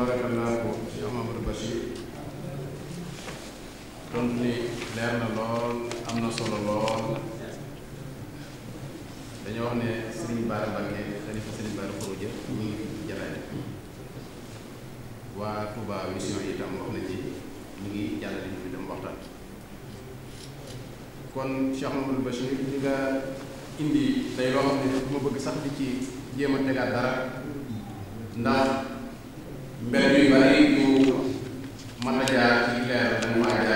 tabarakallahu Cheikh Mamadou Bachir tontu li leer na lool am na solo lool dañoo wax ne Serigne Bara Mbacké xalifa Serigne Bara Khouroudia ñu ngi fi jalaale waa Touba Vision itam wax na ci ñu ngi jàllale ñu fi dem waxtaan kon Cheikh Mamadou Bachir li nga indi day loo xam ne ma bëgg sax di ci jéem a tegaat dara ndax mbedd yu bari yu mën a jaar ci leer dañu waaj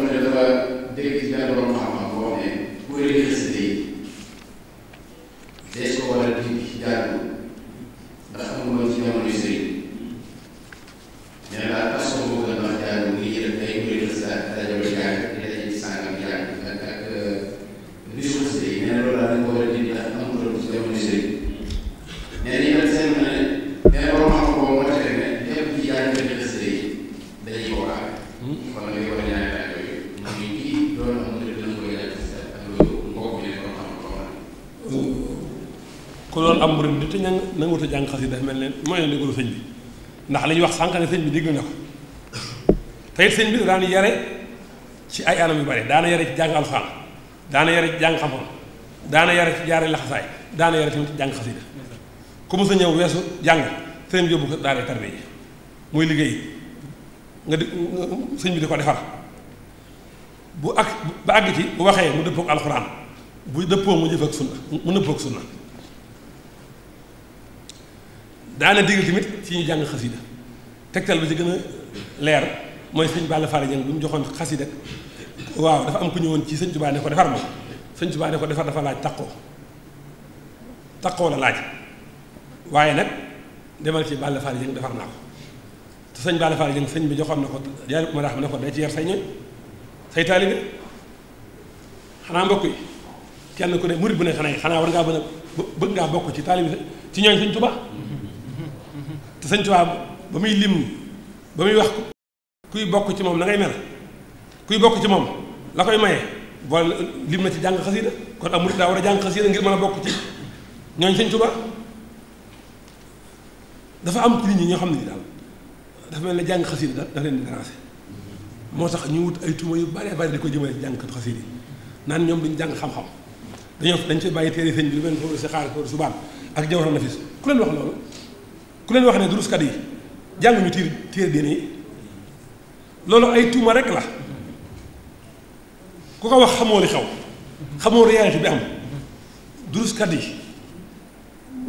mu ne dafa dégg ci benn borom xam-xam boo xam ne kuréel xasida yi ndax li wax sànq sëñ bi déglu na ko te it sëñ bi daan yare ci ay anam yu bari daana yare ci jàng alxuraan daana yare ci jàng xam-xam daana yare ci jaare laxasaay ci jàng xasida ku mës a ñëw weesu jàng sëñ bi yóbbu ko daara tarbe yi muy liggéey nga di sëñ bi di ko defar bu ak ba àgg ci bu waxee mu dëppook alxuraan bu dëppoo mu jëf ak sunna mu nëppoo ak sunna daana digal tamit ci ñu jàng xasida tegtal bi ci gën a leer mooy sëñ Balla Fall Dieng bu mu joxoon xasida waaw dafa am ku ñëwoon ci sëñ Tuubaa ne ko defar ma sëñ ko dafa laaj taqoo taqoo la waaye nag demal ci Balla Fall Dieng defar naa ko te sëñ Balla Fall Dieng sëñ bi joxoon na ko yàlla ma ne ko day ci yar say ñoñ say taalibe xanaa mbokk yi kenn ku ne murit bu ne xanaa xanaa war ngaa bëgg ngaa bokk ci taalibe ci ñooñ sëñ Tuubaa te sëñ Tuubaa ba muy lim ba muy wax kuy bokk ci moom na ngay mel kuy bokk ci moom la koy maye boole lim na ci jàng xasida kon amul daa a jàng xasida ngir bokk ci ñooñ sëñ Tuubaa dafa am ci nit ñi xam ne ni daal dafa mel na jàng xasida da leen di déranger moo tax ñu wut ay tuuma yu bare bare di ko jëmale ci jàngkat xasida yi naan ñoom duñ jàng xam-xam dañoo dañ ci bàyyi téere sëñ bi lu mel ne foofu si xaar subaan ak jawar nafis ku leen wax loolu ku leen wax ne duruskat yi jànguñu tiir téere diine yi loolu ay tuuma rek la ku ko wax xamoo li xew xamoo réalité bi am duruskat yi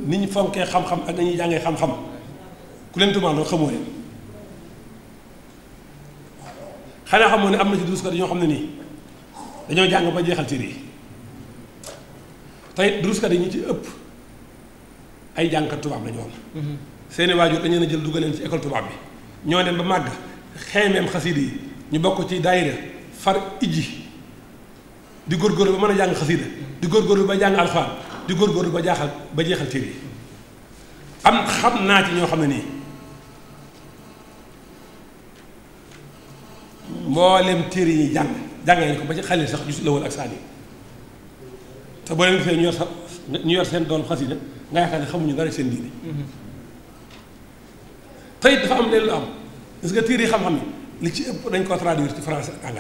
nit ñi fonkee xam-xam ak nañuy jàngee xam-xam ku leen tuumaan loolu xamoo leen xanaa xamoo ne am na ci duruskat yi ñoo xam ne nii dañoo jàng ba jeexal téere yi tey duruskat yi ñu ci ëpp ay jàngkat tubaab la ñu seeni waajur dañu leen a jël dugaleen ci école tubaab bi ñoo dem ba màgg xeemeem xasida yi ñu bokk ci daayira far ijji di góor ba mën a jàng xasida di góorgóorlu ba jàng alxuraan di góorgóorlu ba jaaxal ba jeexal téere yi am xam naa ci ñoo xam ne nii mboolem téere yi ñuy jàng jàngee nañ ko ba ci xale sax gis la ak saani te boo leen gisee ñu yor sa ñu yor seen doon xasida nga yaakaar ne xamuñu dara seen diine mm-hmm. tey dafa am leen lu am gis nga téere xam-xam yi li ci ëpp dañ ko traduire ci français ak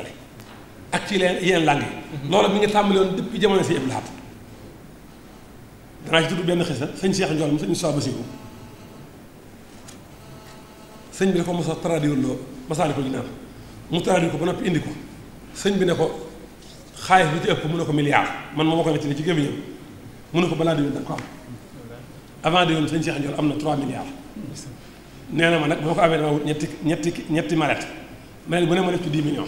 ak ci leen yeneen langues yi. Mhm. loolu mi ngi tàmbali woon depuis jamono si Ibrahima. danaa ci tudd benn xisa sëñ seex Ndiol mu sëñ Moussa Bassirou sëñ bi da ko mos a traduire loo masaale ko ginnaaw mu traduire ko ba noppi indi ko sëñ bi ne ko xaalis bi ci ëpp mu ne ko milliard man ma ko ne ci ne ci gémmiñam mu a ko balaa déwén da nga ko am avant déwén sëñ Cheikh Ndiol am na nee na ma nag boo ko amee dama wut ñetti ñetti ñetti mallette mallette bu ne ma def ci 10 millions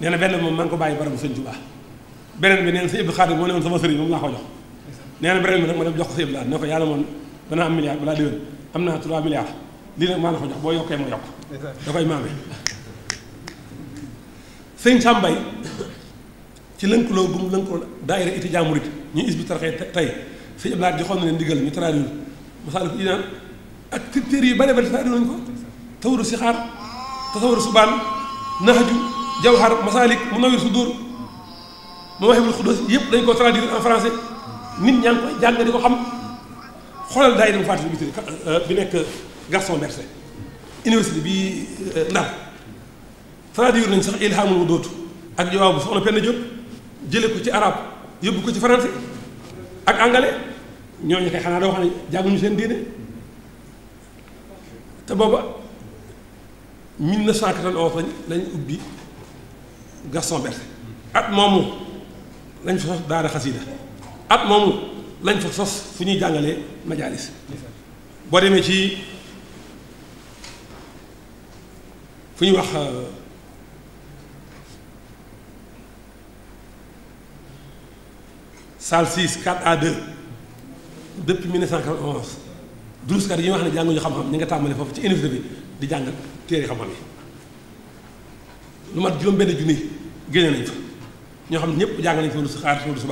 benn moom man ko bàyyi barabu sëñ Tuubaa beneen bi nee na sëñ Abdou Khadir moo ne woon sama sëriñ moom laa ko jox nee na beneen bi nag ma dem jox ko sëñ Abdou ne ko am milliard balaa déwén am naa 3 milliards lii nag maa la ko jox boo yokkee ma yokk da koy maame sëñ Sàmbay ci lënkuloo gum lënkuloo daayira étudiant murit ñu is bi tarxee tey sëñ Abdou Khadir joxoon na leen ndigal ñu traduire masal ak téere yu bare bari fàtte nañ ko tawru sixaar tasawru subaan naxaju jawhar masaalik munawir sudur mawaahibul xudus yëpp dañ ko traduire en français nit ñaa ngi koy jàng di ko xam xoolal daay dem fàttali bi bi nekk Gaston Berger bi euh, Ndar nañ sax ilhaamul dootu ak jawaabu soxna Penda jële ci arabe yóbbu ko ci français ak anglais ñooñu kay xanaa doo xam ne seen diine te booba 1991 lañ ubbi Gaston Berger at moomu lañ fa sos daara xasida at moomu lañ fa sos fu ñuy jàngalee majaalis boo demee ci fu ñuy wax euh, salle 6 4 à 2 depuis 1991 duruskat yi nga xam ne jànguñu xam-xam ñi nga tàmbali foofu ci université bi di jàng téere xam-xam yi lu mat juróom benn junni génne nañ fa ñoo xam ne ñëpp jàng nañ fa lu si xaar lu si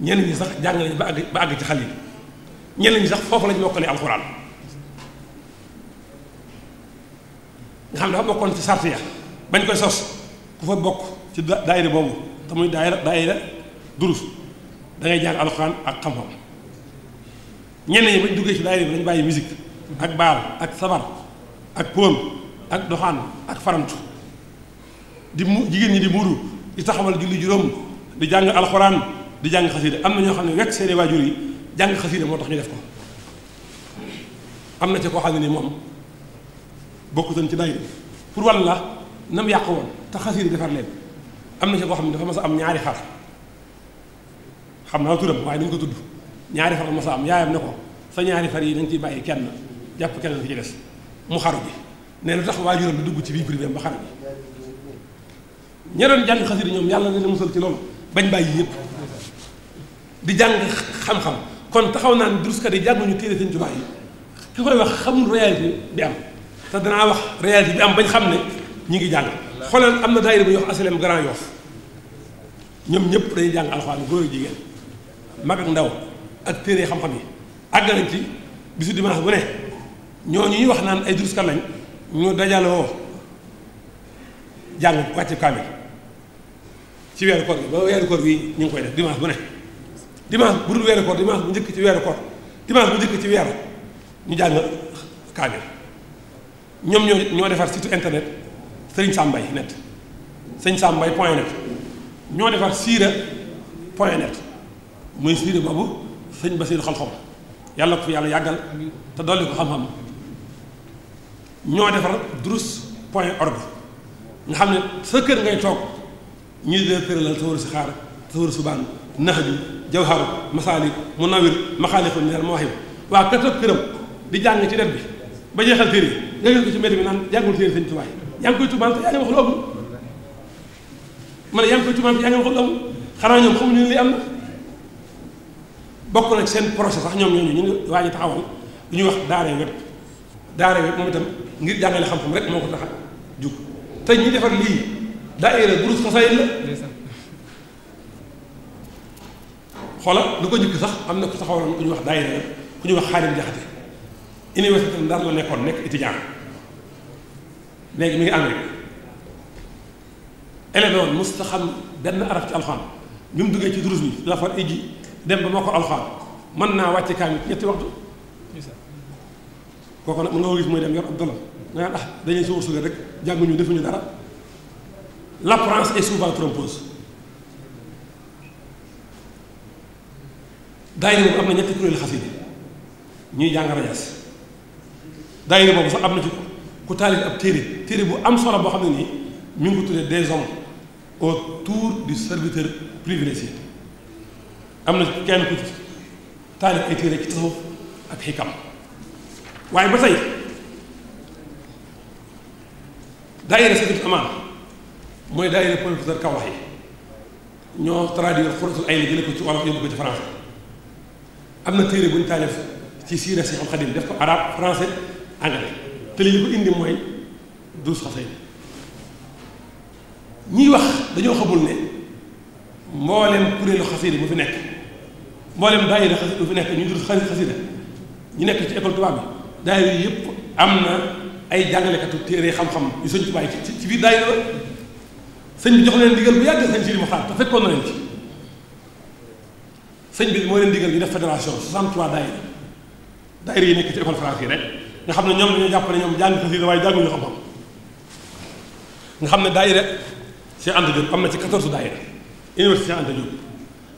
ñenn ñi sax jàng nañ ba àgg ba àgg ci xal ñenn ñi sax foofu lañ mokkale alxuraan nga xam ne dafa bokkoon ci sart ya bañ koy sos ku fa bokk ci daayira boobu te muy daayira daayira durus da jàng alxuraan ak xam-xam ñenn ñi bañ duggee ci daayira bi dañ bàyyi musique ak baal ak sabar ak poom ak doxaan ak farantu di mu jigéen ñi di muuru di taxawal julli juróom di jàng alxuraan di jàng xasida am na ñoo xam ne wekk seeni waajur yi jàng xasida moo tax ñu def ko am na ci koo xam ne ni moom bokkutoon ci daayira pour wàll la nam yàq woon te xasida defar am na ci koo xam ne dafa mas a am ñaari xar xam naa turam waaye dañ ko tudd ñaari far mos a am yaayam ne ko sa ñaari far yi dañ ciy bàyyi kenn jàpp kenn bi ci des mu xaru bi ne lu tax waajuram bi dugg ci biir privé ba xaru bi ña doon jàng xasida ñoom yàlla na leen musal ci loolu bañ bàyyi yëpp di jàng xam-xam kon taxaw naan duruskat yi jànguñu téere seen jubaay yi ki koy wax xamul réalité bi am te danaa wax réalité bi am bañ xam ne ñu ngi jàng xoolal am na daayira bu ñuy wax aslem grand yoff ñoom ñëpp day jàng alxuraan góor ak jigéen ndaw ak téere xam-xam yi àgg nañ ci bisu dimanche bu ne ñooñu ñuy wax naan ay duruskat lañ ñu dajaloo jàng wàcce kaamil ci weeru koor gi ba weeru koor bii ñu ngi koy def dimanche bu ne dimanche bu dul weeru koor dimanche bu njëkk ci weeru koor dimanche bu njëkk ci weeru ñu jàng kaamil ñoom ñoo ñoo defar site internet Serigne Sam Mbaye net Serigne Sam Mbaye ñoo defar siira point net mooy siira boobu sëñ Basiiru xol xom yàlla ko fi yàlla yàggal te dolli ko xam-xam ñoo defar drus point org nga xam ne sa kër ngay toog ñuy dee tëralal tawar si xaar tawar subaan naxaju jawharu masaalik munawir maxaaliqu minal mawaahib waa kër këram di jàng ci def bi ba jeexal téere nga gis ko ci mbedd bi naan jàngul téere sëñ Tuubaa yaa koy tuumaal te yaa ngi wax lu amul ma ne yaa ngi koy tuumaal te yaa ngi wax lu amul xanaa ñoom xamuñu ne li am na bokk na seen projet sax ñoom ñooñu ñu ngi waaj a taxawal lu ñuy wax daare web daare web moom itam ngir jàngale xam-xam rek moo ko tax a jug te ñu defar lii daayira groupe xasaayid la xoola lu ko njëkk sax am na ku taxawaloon ku ñuy wax daayira web ku ñuy wax xaalim jaxate tam ndar la nekkoon nekk étudiant léegi mi ngi Amérique élève woon musta xam benn arab ci alxam bi mu duggee ci durus bi la far ijji dem ba moo ko alxaan mën naa wàcce kaamil ñetti waxtu kooku nag mën nga ko gis mooy dem yor ab dolam nga ah dañuy suur suur rek jànguñu defuñu dara l'apparence est souvent trompeuse daayira boobu am na ñetti kuréel xasida ñuy jàng rajas daayira boobu sax am na ci ku taalif ab téere téere bu am solo boo xam ne nii ñu ngi ko tuddee des hommes autour du serviteur privilégié am na kenn ku ba tey daayira Safinatoul Amaan mooy daayira professeur Kawlax yi ñoo traduire Xuratul Ayni jële ko ci wolof yóbbu ko ci français am na téere bu indi mooy duus xasay ñiy wax dañoo xamul ne mboolem kuréelu xasida mu fi nekk mboolem daayira xasida bu fi nekk ñu dul xarit xasida ñu nekk ci école tubaab bi daayira yi yëpp am na ay jàngalekatu téere xam-xam yu sëñ tubaab ci ci biir daayira la sëñ bi jox leen diggal bi yàgg sëñ Sidi fekkoon na leen ci sëñ bi moo leen digal ñu def fédération 63 daayira daayira yi nekk ci école français rek nga xam ne ñoom dañoo jàpp ne ñoom jàng xasida waaye jànguñu xam-xam nga xam ne daayira Cheikh Anta Diop am na ci 14 daayira université Anta Diop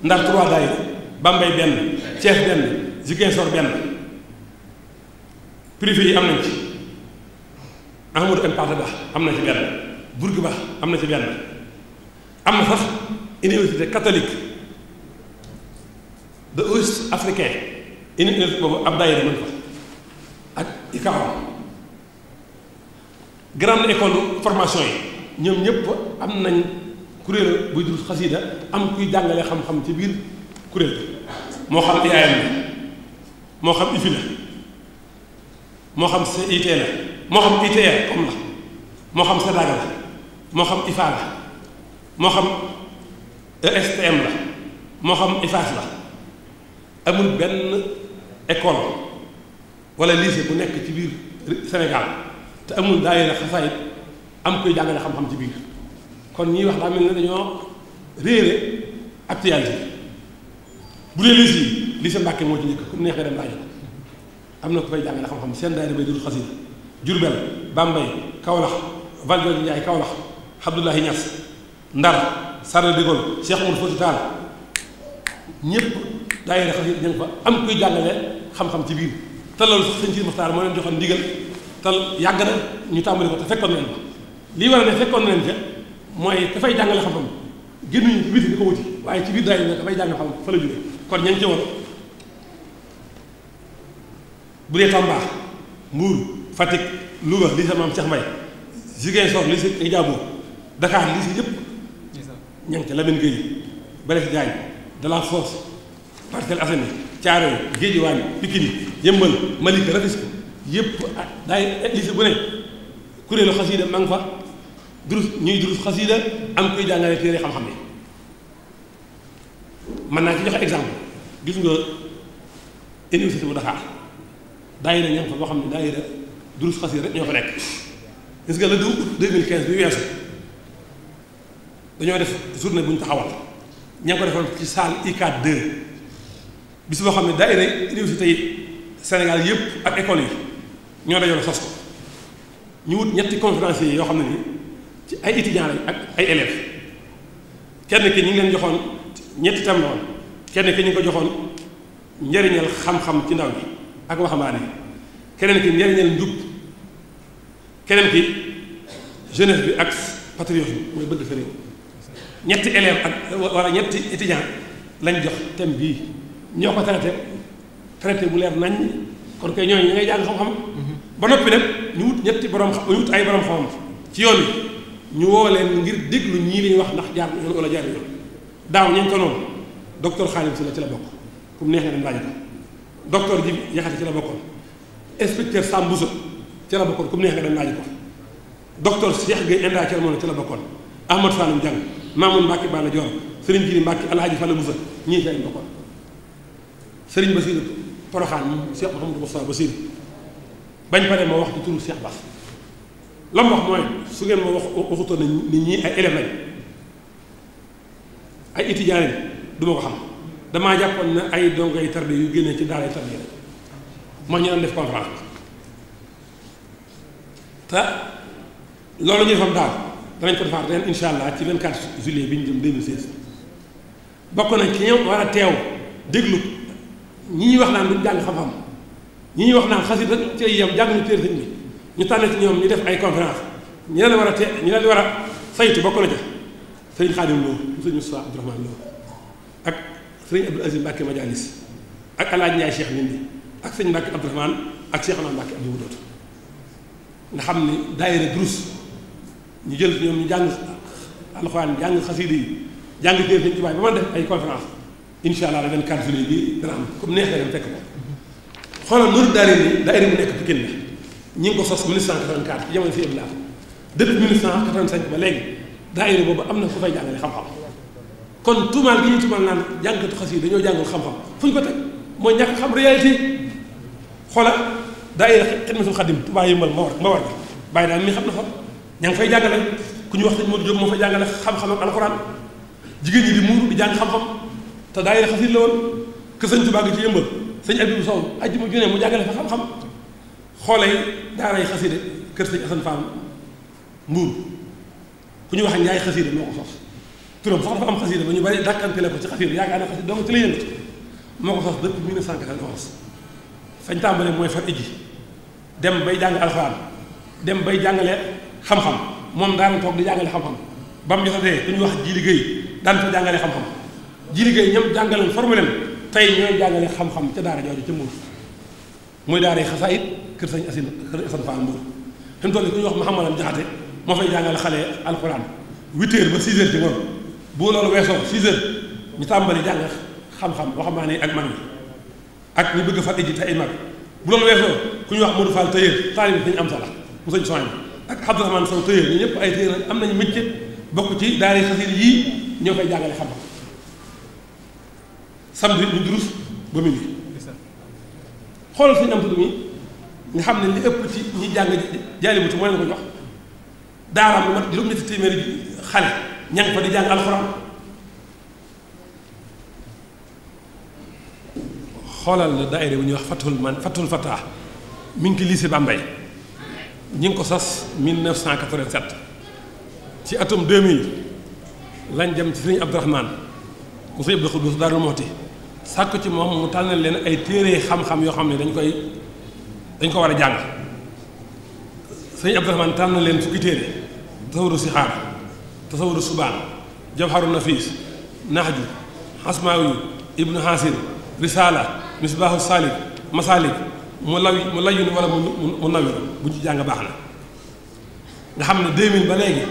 ndar 3 Bambey benn Thiès benn Ziguinchor benn privé yi am nañ ci Amadou Hampâté Bâ am na ci benn Bourguiba am na ci benn am na sax université catholique de l'Ouest africain université boobu ab daayira mën fa ak ICAO grande école formation yi ñoom ñëpp am nañ kuréel buy dul xasida am kuy jàngale xam-xam ci biir kuréel bi moo xam IAM la moo xam IFI moo xam CIT la moo xam ITR comme la moo xam SEDAG la moo xam IFA la moo xam ESTM la moo xam IFAS la amul benn ecole walla lycée bu nekk ci biir Sénégal te amul daayira xasaayit am koy jàngale xam-xam ci biir kon ñiy wax daa mel ne dañoo réere actualité bu dee lise yi lise Mbàkke moo ci njëkk ku mu neexee dem laaji ko am na ku fay jàngale xam-xam seen daayira bay dul xasida Jurbel Bambey Kaolack Valdiodio Ndiaye Kaolack Abdoulahi Niass Ndar Sarla de Gaulle Cheikh Oumar Fouti Tall ñëpp daayira xasida ñu ngi fa am kuy jàngale xam ci biir te loolu sax sëñ ci Muxtaar moo leen joxoon ndigal te yàgg na ñu tàmbali ko te fekkoon leen ko lii war a ne fekkoon leen ca mooy dafay jàngale xam-xam génnuñu ci biti di ko wuti waaye ci biir daayira dafay jàngale xam fa la jógee kon ña ngi woon bu dee Tamba Mbuur Fatick Louga li sa maam Cheikh Mbaye Ziguinchor li si Diabo Dakar li si yëpp ña ngi ca Lamine Gueye Blaise Diagne Delafosse Parcelles Assainies Thiaroye Guédiawaye Pikine Yeumbeul Malika Rufisque yëpp ak daay li si bu ne kuréelu xasida maa ngi fa durus ñuy durus xasida am kuy jàngale téere xam-xam ne mën naa ci joxe exemple gis nga université bu Dakar daayira ña fa boo xam ne daayira durus xasida rek ñoo fa nekk gis nga le 2 août 2015 bi weesu dañoo def journée bu ñu taxawal ña ko defoon ci salle IK2 bis boo xam ne daayira université yi yëpp ak école yi ñoo dajoo la sos ko ñu wut ñetti conférenciers yoo xam ne nii ci ay étudiants lañ ak ay élèves kenn ki ñu leen joxoon. ñetti tam la woon kenn ki ñu ko joxoon njariñal xam-xam ci ndaw ñi ak waxambaane keneen ki njariñal njub keneen ki jeunesse bi ak patriotisme mooy bëgg fa ñetti élève ak wala ñetti étudiant lañu jox thème bii ñoo ko traité traité bu leer nañ kon kay ñooñu ñu ngay jàng xam-xam mhm. ba noppi nag ñu wut ñetti borom xam ñu wut ay borom xam-xam ci yoon wi ñu woo leen ngir déglu ñii li ñu wax ndax jaar yoon wala jaar yoon daaw ñu ko noonu docteur Xaalim si la ci la bokk pour neex nga dem laaj ko docteur Jibi Yaxate ci la bokkoon inspecteur Sambusa ci la bokkoon pour neex nga dem laaj ko docteur Cheikh Gueye Enda ci la moom ci la bokkoon Ahmad Saloum Diang Mamoun Mbacke Balla Dior Serigne Jiri Mbacke Alhaji Fallou Moussa ñii fay bokkoon Serigne Bassirou Porokhane moom Cheikh Mouhamadou ba Bassirou bañ paree ma wax ci turu Cheikh Bass la mu wax mooy su ngeen ma wax waxutoon ne ñii ay élèves lañ. ay étudiants lañ du ko xam damaa jàppoon na ay dongo ay tarbiya yu génne ci daara ay tarbiya la moo ñu doon def conférence te loolu ñu fam daal danañ ko defaat ren incha allah ci 24 juillet bi ñu jëm 2016 bokk nañ ci ñoom war a teew déglu ñi ñuy wax naan du jàng xam-xam ñi ñuy wax naan xasit rek ci yam jàng ñu téere sëñ bi ñu tànn ci ñoom ñu def ay conférence ñi leen war a te ñi leen war a saytu bokk na ca sëriñ Xaadim Lo mu sëriñ Mustafaa Abdurahmaan Lo ak sëriñ Abdul Aziz Mbàkke Majalis ak Alaaji Njaay Cheikh Nindi ak sëriñ Mbàkke Abdurahmaan ak Cheikh Ahmad Mbàkke Abdou Wadoot nga xam ni daayira durus ñu jël ñoom ñu jàng alxuraan jàng xasiida yi jàng téere sëriñ Tuubaa ba mën def ay conférence insha allah le 24 juillet bi dana am comme neexee dem fekk ko xoolal Nuuru Daarayni daayira bu nekk Pikine la ñu ngi ko sos 1984 ci jamono si Ibrahima depuis ba léegi daayira booba am na ku fay jàngale xam-xam kon tuumaal gi ñu tuumaal naan jàngkatu xas yi dañoo jàngul xam-xam fu ñu ko teg mooy ñàkk xam réalité xoola daayira xidmatul xadim Tuubaa yëmbal ma war ma war bàyyi daal mi xam na fa ña ngi fay jàngale ku ñu wax sëñ Modou Diop moo fa jàngale xam-xam ak alxuraan jigéen ñi di muuru di jàng xam-xam te daayira xasiit la woon que sëñ Tuubaa gi ci yëmbal sëñ Abibu Sow ajjuma ju ne mu jàngale fa xam-xam xoolee daaray xasiide kër sëñ Asan Faam mbuur ku ñu wax njaay xasiida moo ko sos turam sax dafa am xasiida ba ñu bari dàkkante la ko ci xasiida yaakaar na xasiida donc ci la yëngatu moo ko sos depuis 1914 fañ mooy far iji dem bay jàng alxuraan dem bay jàngale xam-xam moom daana toog di jàngale xam-xam ba mu jotee ku ñu wax ji liggéey daan fa jàngale xam-xam ji liggéey ñoom jàngalen formé leen tey ñooy jàngale xam-xam ca daara jooju ca Mbour muy daara yi xasaayit kër sañ asin kër asan Fall Mbour fi mu toll ku ñu wax Mouhamadou Jaxate moo fay jàngal xale alxuraan huit heures ba six heures ci ngoon bu loolu weesoo six ñu tàmbali jàng xam-xam waxambaane ak mag yi ak ñu bëgg fa ji te ay mag bu loolu weesoo ku ñu wax Modou Fall tailleur taalib dañu am sala mu sëñ soñ ak Abdourahmane Sow ñëpp ay tailleur am nañu métier bokk ci daara xasida yii ñoo koy jàngale xam-xam samedi ñu durus ba mu ngi xoolal suñu am tudd mi nga xam ne li ëpp ci ñu jàng jaali bu tu moo leen ko jox daaraam lu mat juróom ñetti téeméeri xale ña nga fa di jàng alxuraan xoolal la daayira bu ñuy wax fatul man fatul fataa mi ngi ko lycée Bambey ñi ngi ko sas 1987 ci atum 2000 lañ jëm ci sëriñ Abdourahmane mu sëñ Abdou Xuddus Daaru Moxti sàkku ci moom mu tànnal leen ay téere xam-xam yoo xam ne dañ koy dañ ko war a jàng sëñ Abdourahmane tànn leen fukki téere tasawuru sixaar tasawuru subaan jawharu nafiis naxju xasmaawi ibnu xaasir risaala misbaahu saalik masaalik mu lawi mu layun wala mu nawir bu ñu jàng baax na nga xam ne 2000 ba léegi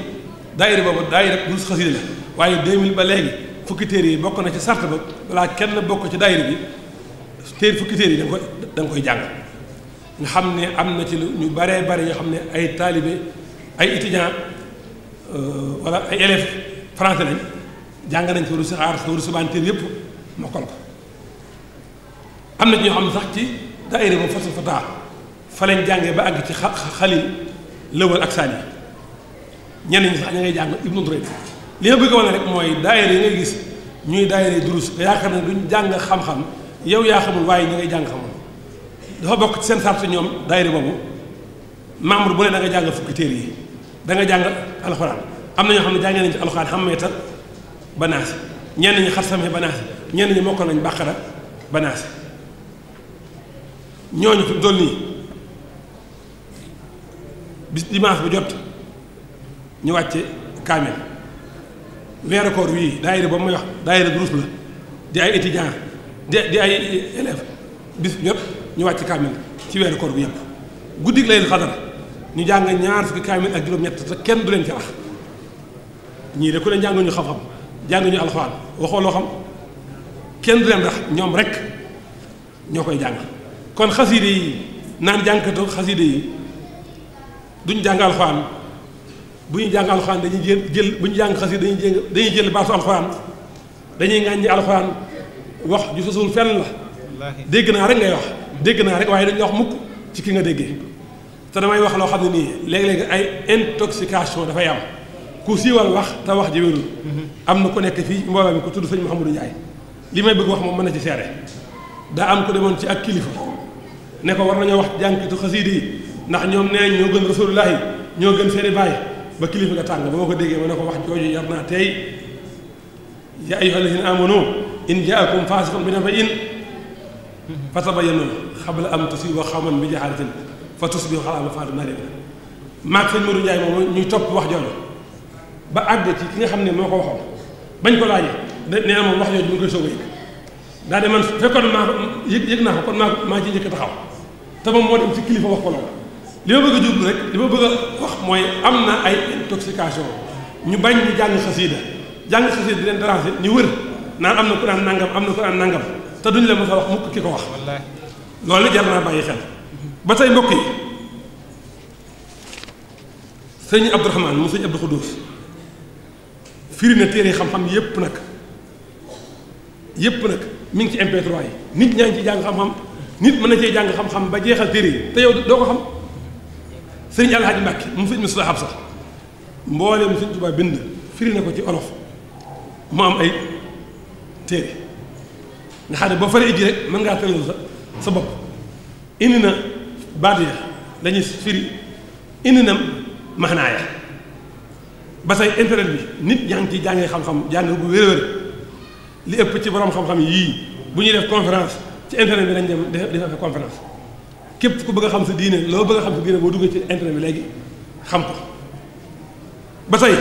daayira boobu daayira durus xasida la waaye 2000 ba léegi fukki téere yi bokk na ci sart ba balaa kenn bokk ci daayira bi téere fukki téere yi da nga koy da koy jàng nga xam ne am na ci lu ñu baree bari yoo xam ne ay taalibe ay étudiant wala euh, ay élèves français lañ jàng nañ sooru si aar sooru si banteen yëpp mokkal ko am na ci ñoo xam ne sax ci daayira ba fasu fataa fa lañ jàngee ba àgg ci xalil lëwal ak saani ñenn ñi sax ñu ngay jàng ibnu Durayd li ma bëgg a wane rek mooy daayira yi ngay gis ñuy daayira durus nga yaakaar ne duñ jàng xam-xam yow yaa xamul waaye ñi ngay jàng xamul dafa bokk ci seen sartu ñoom daayira boobu membre bu ne da nga jàng fukki téere yi da nga jàng alxuraan am na ñoo xam ne jàngee nañ ci alxuraan xam meetar ba naasi ñenn ñi xar same ba ñenn ñi mokkal nañ bàqara ba naasi ñooñu fi dool nii bis dimanche bu jot ñu wàcce kaamel weeru koor wii daayira ba muy wax daayira durus la di ay étudiants di di ay élèves bis yëpp ñu wàcc kaamel ci weeru koor bi yëpp guddig layl xadar ñu jàng ñaar fukki kaamil ak juróom-ñett te kenn du leen ca ñii de ku ne jànguñu xam-xam jànguñu alxuraan waxoo loo xam kenn du leen wax ñoom rek ñoo koy jàng kon xasiide yi naan jànkatu xasiide yi duñ jàng alxuraan bu ñu jàng alxuraan dañuy jël jël bu ñu jàng xasiide dañuy jël dañuy jël baatu alxuraan dañuy ŋàññi alxuraan wax ju sosul fenn la dégg naa rek ngay wax dégg naa rek waaye dañuy wax mukk ci ki nga déggee te damay wax loo xam ne nii léeg-léeg ay intoxication dafay am ku siiwal wax te wax ji wérul am na ku nekk fii mbooloo mi ku tudd sëñ Mouhamadou Ndiaye li may bëgg wax moom mën na ci seere daa am ku ci ak kilifa ko war nañoo wax jànkitu xasiida yi ndax ñoom neeñ ñoo gën rasulullah yi ñoo gën seeni bàyyi ba kilifa nga tàng ba ko déggee ma ne ko wax jooju yar naa tey yaa ayyuha allazina amanu in jaakum faasiqun bi naba'in fatabayyanu qabla an tusiibu qawman bi jahaalatin fa tus bi xalaat la faatu naa leen maag sëñ Modou Ndiaye moom ñuy topp wax jooju ba àgg ci ki nga xam ne moo ko waxoon bañ ko laajee da nee na moom wax jooju mu ngi koy soog a yëg daa de man kon maa naa ko maa maa ci njëkk taxaw te moom moo dem ci kilifa wax ko loolu li ma bëgg a jublu rek li ma bëgg wax mooy am na ay intoxication ñu bañ ñu jàng xasiida jàng xasiida di leen déranger ñu wër naan am na ku naan nangam am na ku naan nangam te duñ la ma a wax mukk ki ko wax loolu jar naa bàyyi xel ba tey mbokk yi sëñ Abdourahman mu sëñ Abdou Khoudous firi na téere xam-xam yépp nag yépp nag mi ngi ci MP3 yi nit ñaa ngi ci jàng xam-xam nit mën na cee jàng xam-xam ba jeexal téere yi te yow doo ko xam sëñ Alhaji Mbàkke mu sëñ Moussa Absa mbooleem sëñ Tuubaa bind firi na ko ci olof mu am ay téere nga xam ne boo faree ji rek mën ngaa tëral sa sa bopp indi na. baatu ya lañuy firi indi nam maxnaaya ba say intérêt bi nit ñaa ngi ciy jàngee xam-xam jàng bu wér-wér li ëpp ci boroom xam-xam yii bu ñuy def conférence ci internet bi lañ def di fa conférence képp ku bëgg xam si diine loo bëgg xam sa diine boo duggee ci internet bi léegi xam ko ba tey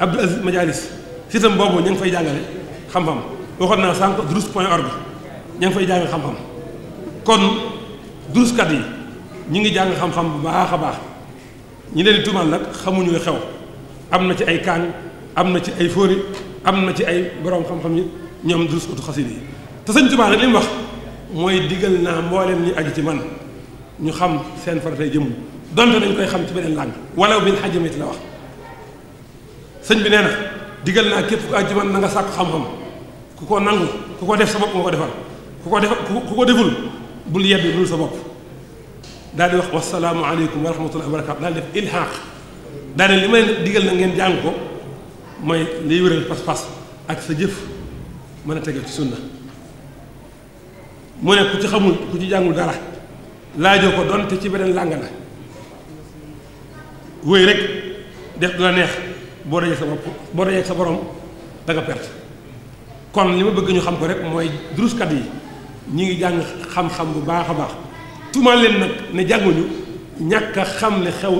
Abdou Aziz Majalis système boobu ña ngi fay jàngale xam-xam waxoon naa sànq drus point org ña ngi fay jàng xam-xam kon. duruskat yi ñu ngi jàng xam-xam bu baax a baax ñi leen di tuumaal nag xamuñu li xew am na ci ay kaan am na ci ay fóori am na ci ay borom xam-xam yi ñoom duruskatu xasida yi te sëñ Tuubaa nag li mu wax mooy digal naa mbooleem ñi aju ci man ñu xam seen faratay jëmm donte dañ koy xam ci beneen làng walaw bil xajamit la wax sëñ bi nee na digal naa képp ku aju ci man na nga sàkk xam-xam ku ko nangu ku ko def sa bopp nga ko defal ku ko def ku ko deful bul yebbi bul sa bopp daal di wax wasalaamu aleykum wa rahmatullahi wa barakatu def ilxaaq daal di li may digal na ngeen jàng ko mooy liy wéral pas-pas ak sa jëf mën a tege ci sunna mu ne ku ci xamul ku ci jàngul dara laajoo ko donte ci beneen làng la wéy rek def du la neex boo dajee sa bopp boo dajee sa borom da nga perte kon li ma bëgg ñu xam ko rek mooy duruskat yi ñu ngi jàng xam-xam bu baax a baax tuumaal leen nag ne jànguñu ñàkk a xam li xew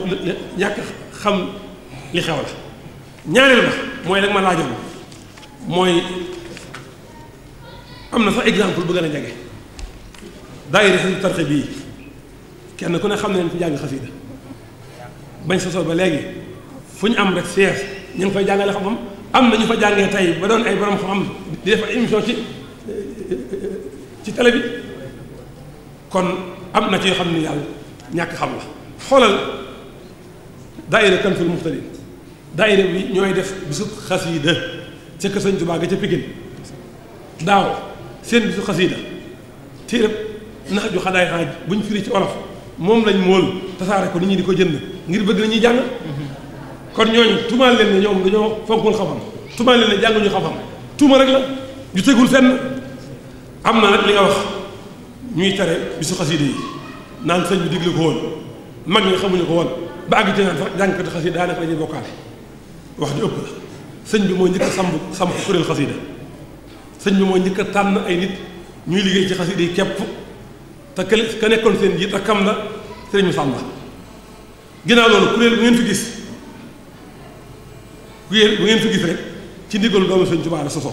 ñàkk xam li xew la ñaareel ba mooy rek ma laajoon mooy am na fa exemple bu gën a jege daayira Hizbut Tarqiyyah bii kenn ku ne xam ne ci jàng xasida bañ sosoo ba léegi fu ñu am rek sees ñu ngi fay jàngale xam-xam am na ñu fa jàngee tey ba doon ay borom xam-xam di def ay ci ci télé bi kon am na ci yoo xam ne yàlla ñàkk xam la xoolal daayira kanful muxtadin daayira bi ñooy def bisu xasiida ca kër Sëñ Tuubaa ca Pikine daaw seen bisu xasiida téereb nax ju xadaay buñ firi ci olof moom lañ mool tasaare ko nit ñi di ko jënd ngir bëgg la ñuy jàng kon ñooñu tuumaal leen ne ñoom dañoo fonkul xam-xam tuumaal leen ne jànguñu xam-xam tuuma rek la ju tegul am na nag li nga wax ñuy tare bisu xasida yi naan sëñ bi digle ko woon mag ñi xamuñu ko woon ba àgg ci naan sax jàngkati xasida daanaka la wax di ëpp la sëñ bi moo njëkk a samb kuréel xasida sëñ bi mooy njëkk tànn ay nit ñuy liggéey ci xasida yi képp te ka nekkoon seen jiit ak kam la sëriñ Samba ginnaaw loolu kuréel ngeen fi gis bu ngeen fi gis ci ndigalu doomu sëñ Tuubaa la sosoo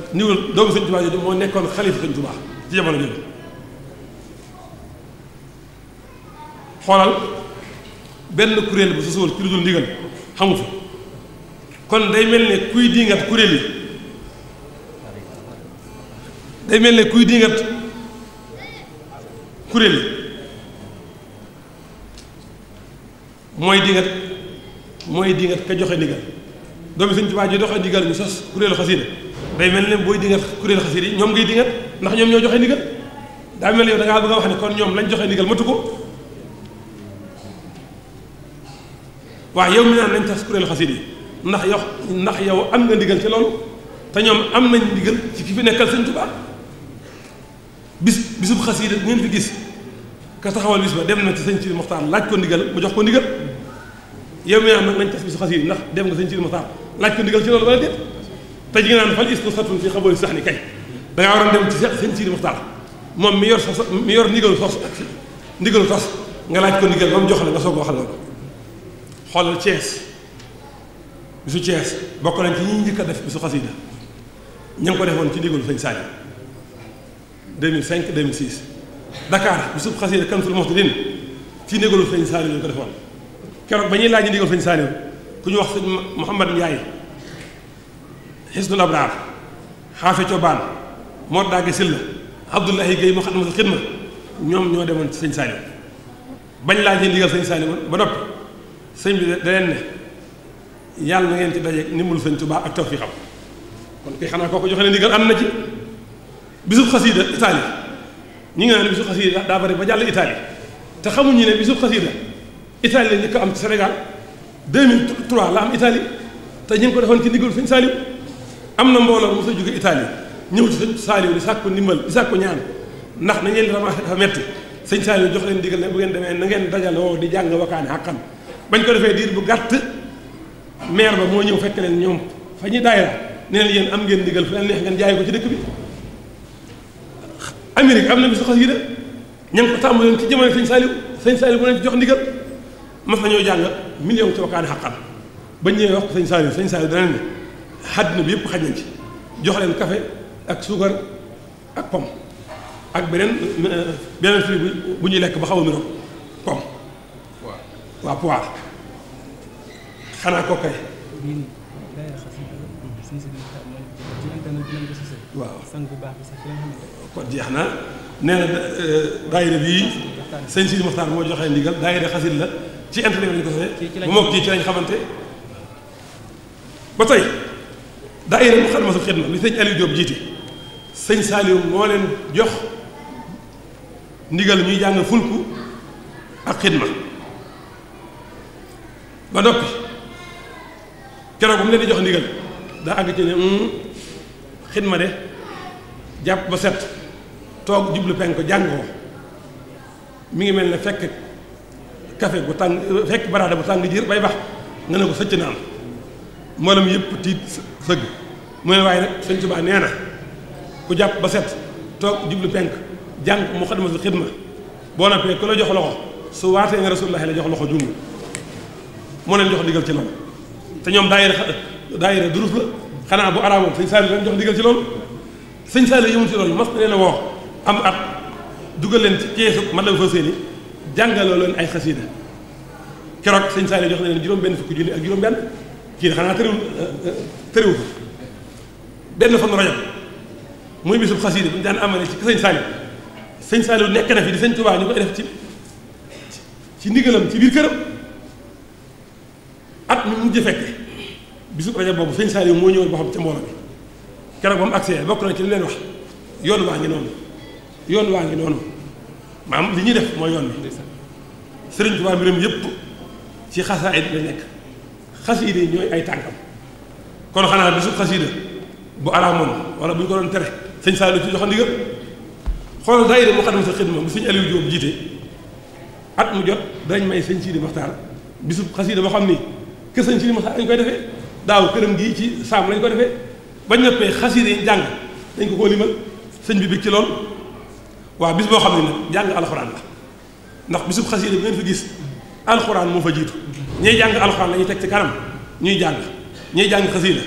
te niwal doomu sëñ Tuubaa jooju moo nekkoon xalifa sëñ Tuubaa ci jamono jooju xoolal benn kuréel bu su suur ci lu dul ndigal xamu kon day mel ne kuy diingat kuréel yi day mel ne kuy diingat kuréel mooy dingat mooy diingat ka joxe ndigal doomu sëñ Tuubaa ji doxe ndigal ñu sos kuréelu xasida day mel ne booy dingat kuréel xasida yi ñoom ngay dingat ndax ñoom ñoo joxe ndigal daa mel ne yow da a wax ne kon ñoom lañ joxe ndigal matu ko waaw yow mi naan nañ tas kuréel xasida yi ndax yow ndax yow am nga ndigal ci loolu te ñoom am nañ ndigal ci ki fi nekkal sëñ Tuubaa bis bisub xasida ngeen fi gis ka taxawal bis ba dem na ci sëñ Sidi laaj ko ndigal mu jox ko ndigal yow mi naan nag nañ tas bisu xasida yi ndax dem nga sañ Sidi Moxtaar laaj ko ndigal ci loolu wala déet te ji nga naan fal istu satun fi kay da waroon dem ci sëñ Sidi Muxtaar moom mi yor sos mi yor ndigalu sos ndigalu sos nga laaj ko ndigal ba jox la nga soog waxal loolu xoolal Thiès bisu Thiès bokk nañ ci ñi njëkk a def bisu xasida ña ngi ko defoon ci ndigalu sëñ Saali 2005 2006 Dakar bisu xasida kan ful muhtadin ci ndigalu sëñ Saali ñu ko defoon keroog ba ñuy laaj ndigalu sëñ Saali ku ñu wax sëñ Mouhamad Ndiaye Hisnul Abraar Xaafe Cobaan Mor Daage Silla Abdoulahi Guèye Moukhaddamatoul Khidma ñoom ñoo demoon ci sëñ Saliou bañ laa jee ndigal sëñ Saliou ba noppi sëñ bi da leen ne yàlla ngeen ci daje ndimbalu sëñ Tuubaa ak taw fii xam kon kay xanaa kooku joxe na ndigal am na ci bisub xasiida Italie ñi nga naan bisub xasiida daa bari ba jàll Italie te xamuñu ne bisub xasiida Italie la ñu ko am ci senegal Sénégal 2003 la am Italie te ñu ngi ko defoon ci ndigalu sëñ Saliou am na mbooloo mu sa jóge Italie ñëw ci sëñ Saliou di sàkku ndimbal di sàkku ñaan ndax na leen ramas dafa metti sëñ Saliou jox leen digal ne bu ngeen demee na ngeen dajaloo di jàng wakkaane xàqan bañ ko defee diir bu gàtt maire ba moo ñëw fekk leen ñoom fa ñu daayira ne leen yéen am ngeen ndigal fu leen neex ngeen jaay ko ci dëkk bi Amérique am na bi su xas yi da ña ngi ci jamono sëñ Saliou sëñ Saliou bu leen ci jox ndigal mas ñoo jàng million ci wakkaane xàqan bañ ñëwee wax ko sëñ Saliou sëñ Saliou dana ne àdduna bi yëpp xaj nañ ci jox leen café ak suukar ak pom ak beneen beneen fruit bi bu ñuy lekk ba xaw a miroon pom waaw waaw poire xanaa ko kay waaw kon jeex na nee na euh, daayira bii sëñ Sidi Moxtaar moo joxee ndigal daayira xasit la ci internet lañ ko sosee bu mook ci ci lañ xamante ba tey daayira Muxaddamatul Xidma li sëñ Aliou Diop jiite sëñ Saliou moo leen jox ndigal ñuy jàng fulku ak xidma ba noppi keroog bu mu leen di jox ndigal daa àgg ci ne hmm, xidma de jàpp ba set toog jublu penk jàngoo mu ngi mel ne fekk kafe bu tàng fekk baraada bu tàng jër bay bax nga ne ko sëcc naan mboolem yëpp tiit sëgg mu ne waaye nag sëñ Tuubaa nee na ku jàpp ba set toog jublu penk jàng mu xadamatul xidma boo noppee ku la jox loxo su waatee nga rasulullahi la jox loxo junng moo leen jox digal ci loolu te ñoom daayira daayira xanaa bu araamoon sëñ Saliou leen jox digal ci loolu sëñ Saliou yëmul ci loolu mas leen a woo am at dugal leen ci keesu man la fa seeni jàngaloo leen ay xasiida keroog sëñ Saliou jox na leen juróom benn fukki junni ak juróom benn kii xanaa tëriwul tëriwul benn fan rajo muy bisub xasiida bu daan amale ci sëñ Saliou sëñ Saliou nekk na fi di sëñ Tuubaa ñu koy def ci ci ndigalam ci biir këram at mi mujj fekke bisub rajab boobu sëñ Saliou moo ñëwoon boo xam ca mbooloo bi keroog ba mu agsee bokk nañ ci li leen wax yoon waa ngi noonu yoon waa ngi noonu maam li ñuy def mooy yoon bi sëriñ Tuubaa mbiram yëpp ci xasaayid la nekk xasiida yi ñooy ay tànkam kon xanaa bisu xasiida bu araamoon wala bu ñu ko doon tere sëñ Saliou ci joxoon ndigal xoolal daayira Muqaddamatul Xidma bu sëñ Aliou Diop jiite at mu jot dañ may sëñ Sidi Maxtaar bisu xasiida boo xam ni kër sëñ Sidi Maxtaar dañ koy defee daaw këram gii ci saam lañ ko defee bañ noppee xasiida yi jàng dañ ko koo limal sëñ bi bég ci lool waaw bis boo xam ne nag jàng alxuraan la ndax bisub xasiida bu ngeen fi gis alxuraan moo fa jiitu ñiy jàng alxuraan la ñuy teg ci kanam ñuy jàng ñiy jàng xasiida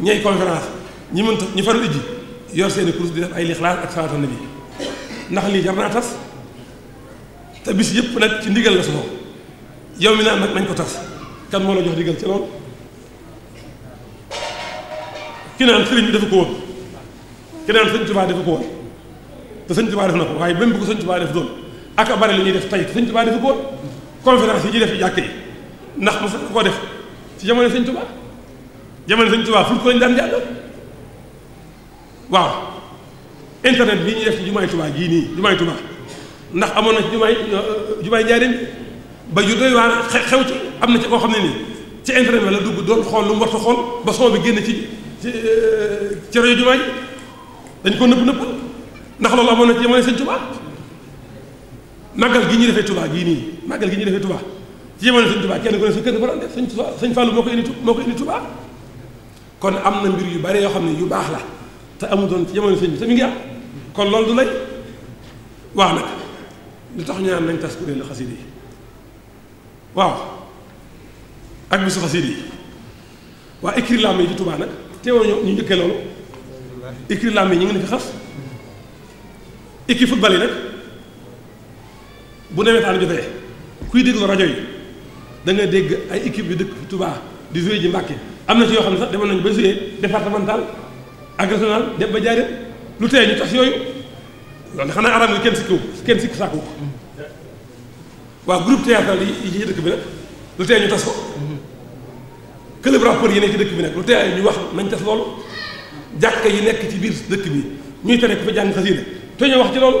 ñiy conférence ñi mënta ñi faru ijji yor seeni cours di def ay lixlaas ak salaatu nabi ndax lii jar naa tas te bis yëpp nag ci ndigal la solo yow mi naan nag nañ ko tas kan moo la jox ndigal ci loolu ki naan bi dafa ko woon ki naan sëñ Tuubaa ko woon te sëñ Tuubaa def na ko waaye même bu ko sëñ Tuubaa def doon ak a bari li ñuy def tey te sëñ Tuubaa dafa ko conférence yi ñu def ci jàkk ndax mos na koo def ci jamono sëñ Tuubaa jamono sëñ Tuubaa ful ko lañu daan jàll waaw internet bi ñuy def ci jumaay Tuubaa jii nii jumaay Tuubaa ndax amoon na ci jumaay jumaay Njaaréem ba ju doy waar xew ci am na ci koo xam ne nii ci internet la dugg doon xool lu mu warta xool ba son bi génn ci ci ci rajo jumaa ji dañ ko nëpp nëpp ndax loolu amoon na ci jamono sëñ Tuubaa màggal gi ñu defee Touba gii nii màggal gi ñu defee Touba ci jamono sëñ Touba kenn ku ne sa kër nga ko doon def sëñ sëñ moo ko indi moo kon am na mbir yu bare yoo xam ne yu baax la te amu doon ci jamono sëñ bi te mi ngi am kon lool du lay waaw nag lu tax ñu naan nañ tas kuréelu xasida yi waaw ak bisu xasida yi waa écrit lam yi ci Touba nag teewoo ñu njëkkee loolu écrit lam yi ñu ngi ne fi xas écrit football yi nag bu nawetaan jotee kuy déglu rajo yi da nga dégg ay équipe yu dëkk Touba di joué ji Mbàkke am na ci yoo xam ne sax demoon nañu ba joué départemental ak régional dem ba jaaree lu tee ñu tas yooyu loolu xanaa aram nga kenn sikkiwu kenn sikki ko waaw groupe théâtre yi ci lu tee ñu tas ko yi nekk ci dëkk bi nag lu tee ñu wax nañ tas loolu jàkka yi nekk ci biir dëkk bi ñuy tere ko fa jàng xasiida te ñu wax ci loolu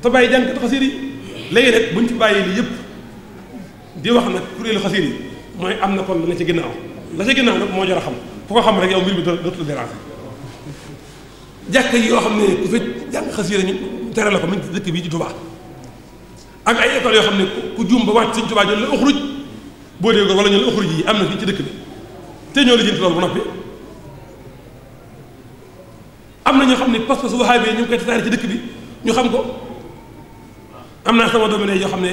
te bàyyi jàng kat xasiida yi léegi nag buñ fi bàyyi lii yépp di wax nag kuréelu xasida yi mooy am na kon la ci ginnaaw la ci ginnaaw nag moo jar a xam ku ko xam rek yow mbir bi dootul déranger jàkk yi yoo xam ne ku fi jàng xasida ñu la ko mu dëkk bii ci Touba ak ay école yoo xam ne ku juum ba wàcc Sëñ Touba ñu la uxuruj boo dee wala ñu la uxuruj yi am na ñu ci dëkk bi te ñoo lijjanti loolu bu noppi na ñoo xam ne pas-pas wahabi ñu ngi koy tasaare ci dëkk bi ñu xam ko am naa sama ne yoo xam ne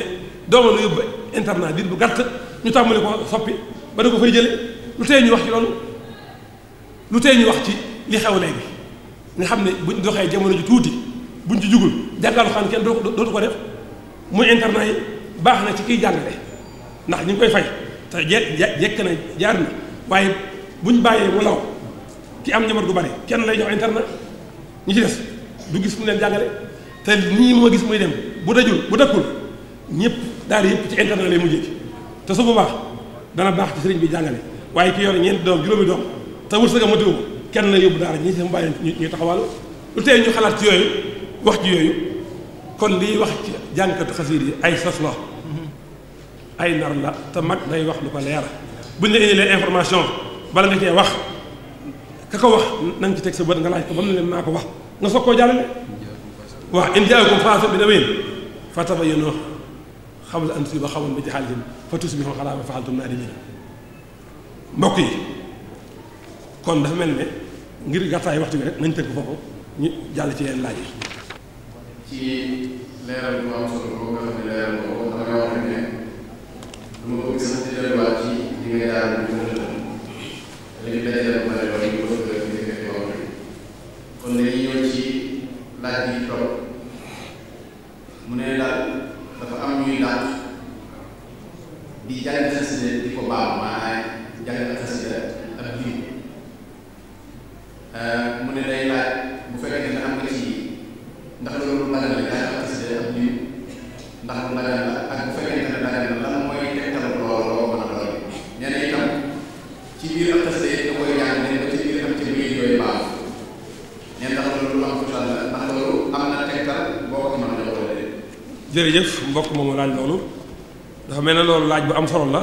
doomam la yóbbu internat diir bu gàtt ñu tàmbali ko soppi ba da ko fay jële lu tey ñu wax ci loolu lu tey ñu wax ci li xew léegi nga xam ne buñ doxee jamono ji tuuti buñ ci jugul jàngalu xam kenn dootu ko def muy internat yi baax na ci kiy jàngale ndax ñu koy fay te je jekk na jaar na waaye buñ bàyyee mu law ki am njaboot gu bari kenn lay jox internat ñu ci des du gis mu leen jàngale te nii moo gis muy dem bu dajul bu dëkkul ñëpp daal yëpp ci internet lay mujjee te su boobaa dana baax ci sëriñ bi jàngale waaye ki yore ñeent doom juróomi doom te wërsëg a matiwu kenn la yóbbu daara ñi sama bàyyi ñuy lu tee ñu xalaat ci yooyu wax ci yooyu kon liy wax ci jàngkatu xasiir ay sos la ay nar la te mag day wax lu ko leer buñ la indilee information bala nga cee wax ka ko wax na ci teg sa bët nga laaj ko ba mu ne leen naa ko wax nga soog koo jàllale. waa in jaakum faasiqun bi naba'in fa tabayyanu qabla an tusiiba qawman bi jahalatin fa tusbihu alaa maa fa'altum naadimiin mbokk yi kon dafa mel ne ngir gàttaay waxtu bi rek nañ tënk foofu ñu jàll ci yeneen laaj yi. ci leeral bu am solo boo nga xam ne leeral boobu laaj bu am solo la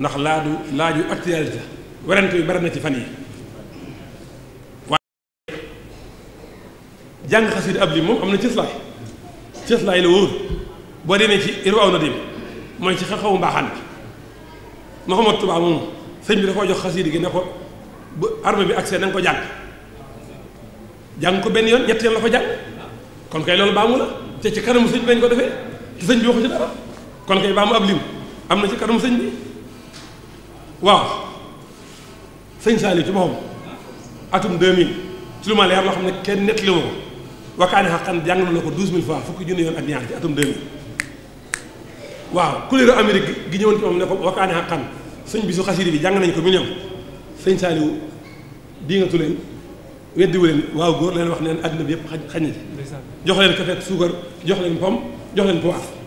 ndax laaju laaju actualité werante yu bari na ci fan yi waaye jàng xasida ab li moom am na cëslaay cëslaay la wóor boo demee ci irwaaw na dem mooy ci xew-xewu mbaaxaan bi Mouhamadou Touba moom sëñ bi dafoo jox xasida gi ne ko bu arme bi accès na nga ko jàng jàng ko benn yoon ñett yoon la ko jàng kon kay loolu baamu la te ci kanamu sëñ bi lañ ko defee te sëñ bi waxu ci dara kon kay baamu ab lim am na ci kanam sëñ bi waaw sëñ Saliou ci boppam atum 2000 ci lu ma leer loo xam ne kenn nettali ma ko wakkaane xaqan jàng na ko 12000 fois fukki junni yoon ak ñaar ci atum 2000 waaw kuréelu Amérique gi ñëwoon ci moom ne ko wakkaane xaqan sëñ bi su xasida bi jàng nañ ko million sëñ Saliou di leen weddiwu leen waaw góor leen wax neen àddina bi yëpp xañ na ci jox leen kafe ak suukar jox leen pomme jox leen poivre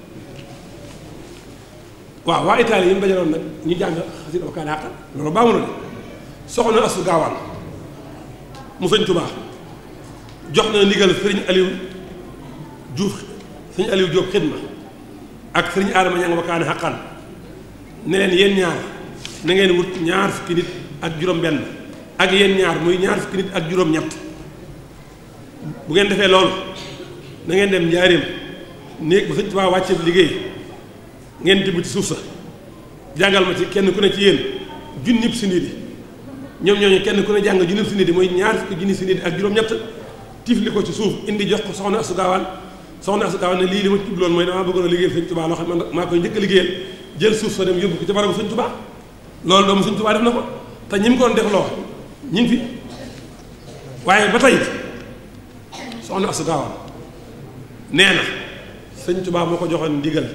waaw waa Italie yi mu dajaloon nag ñu jàng xasit avocat daaqal loolu baa mënul soxna Astu Gaawaan mu sëñ tubaax jox na ndigal sëriñ Aliou Diouf sëñ Aliou Diop xidma ak sëriñ Adama ña nga wakaane xaqan ne leen ñaar na wut ñaar fukki ak juróom-benn ak yéen ñaar muy ñaar fukki ak juróom-ñett bu ngeen defee loolu na ngeen dem njaareem néeg ba sëñ Tuubaa wàcce liggéey. ngeen tibb ci suuf sa jàngal ma ci kenn ku ne ci yéen junni si nit yi ñoom ñooñu kenn ku ne jàng junni si nit yi mooy ñaar fukki junni si nit yi ak juróom-ñett tifli ko ci suuf indi jox ko soxna Astu Gaawaan soxna Astu Gaawaan ne lii li ma ci jubloon mooy damaa bëggoon a liggéeyal sëñ Tubaa loo xam ne maa koy njëkk a liggéeyal jël suuf sa dem yóbbu ko ci barabu sëñ Tubaa loolu doomu sëñ Tubaa def na ko te ñi mu ko doon def loo ñu ngi fi waaye ba tey soxna Astu Gaawaan nee na sëñ Tubaa moo ko joxoon ndigal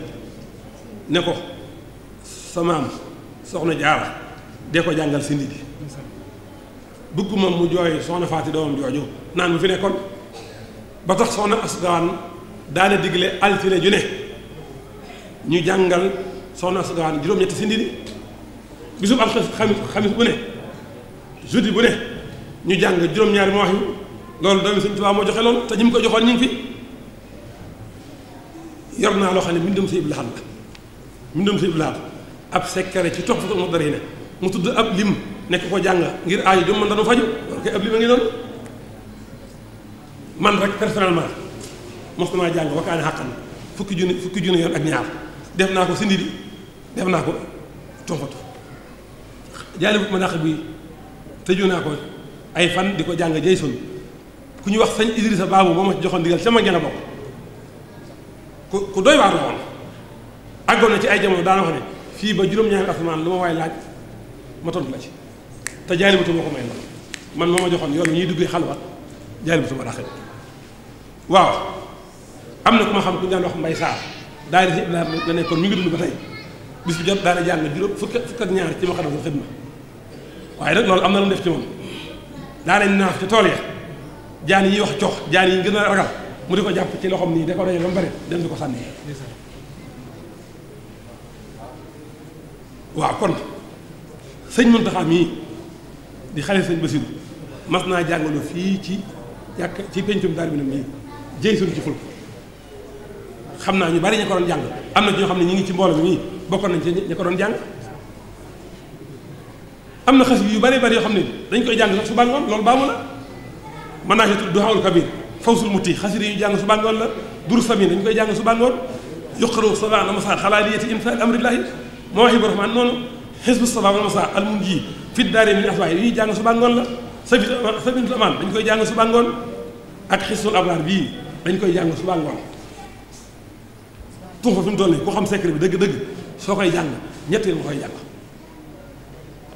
ne ko sa soxna jaara de ko jàngal si ndigg mu jooy soxna faati doomam jooju naan mu fi nekkoon ba tax soxna asgawaan daana digle altine ju ne ñu jàngal soxna asgawaan juróom-ñetti si ndigg bisub xamis bu ne jeudi bu ne ñu jàng juróom-ñaari moo wax loolu doomi Sëñ Tuubaa moo joxe loolu te ñu mu ko joxoon ñu ngi fi yor naa loo xam ne mbindum si Iblaxan la mu dem sëñ ab sekkare ci tox fa ko dara yi ne mu tudd ab lim nekk ko jàng ngir aajo jom man danu faju war koy ab ngi doon man rek personnellement mos jàng wakkaane xàqan fukki junni fukki junni yoon ak ñaar def naa ko sindi def naa ko tonfatu jaali bu ma dàq bi tëju naa ko ay fan di ko jàng jay sun ku ñu wax sëñ Idrissa Baabu moo ma joxoon digal sama gën a bokk ku ku doy waar la woon àggoon na ci ay jamono daana wax fii ba juróom-ñaari asamaan lu ma waay laaj ma tontu la ci te jaalibatu moo ko may lool man moo ma joxoon yoon ñuy duggee xalwat jaalibatu ma daxal waaw am na ku ma xam ku ñu daan wax mbay saar daal nekkoon mi ngi dund ba jot daal di jàng juróom fukk fukk ak ñaar ci loolu am na lu def ci moom daanañ naaf te tool ya jaan yi wax cox jaan yi gën a ragal mu di ko jàpp ci loxoom nii de ko dajee ba mu bare dem di ko sànni waaw kon sëñ Muntaxa mii di xale sëñ Basiru mas naa jàngaloo fii ci yàkk ci pencum daal bi na mii jëy suñu ci ful xam naa ñu bari ñu ko doon jàng am na ñoo xam ne ñu ngi ci mbooloo mi nii bokkoon nañ ko doon jàng am na yu bari bari yoo xam ne dañ koy jàng sax su bàngoon loolu baamu la man naa ci tudd Duhaawul Kabir Fawsul Muti xasida yu jàng su bàngoon la Durus Samin dañ koy jàng su bàngoon yuqaru sabaa na masaar xalaat yi ci insa amrillahi moo mawaahibu rahmaan noonu xisbu sabaa wal masaa al mun ji fit daare min aswaay yi ñuy jàng subaa ngoon la sabit sabitul amaan dañ koy jàng subaa ngoon ak xisnul abraar bii dañ koy jàng subaa ngoon tuufa fi mu toll nii ku xam secret bi dëgg-dëgg soo koy jàng ñetti yoon nga koy jàng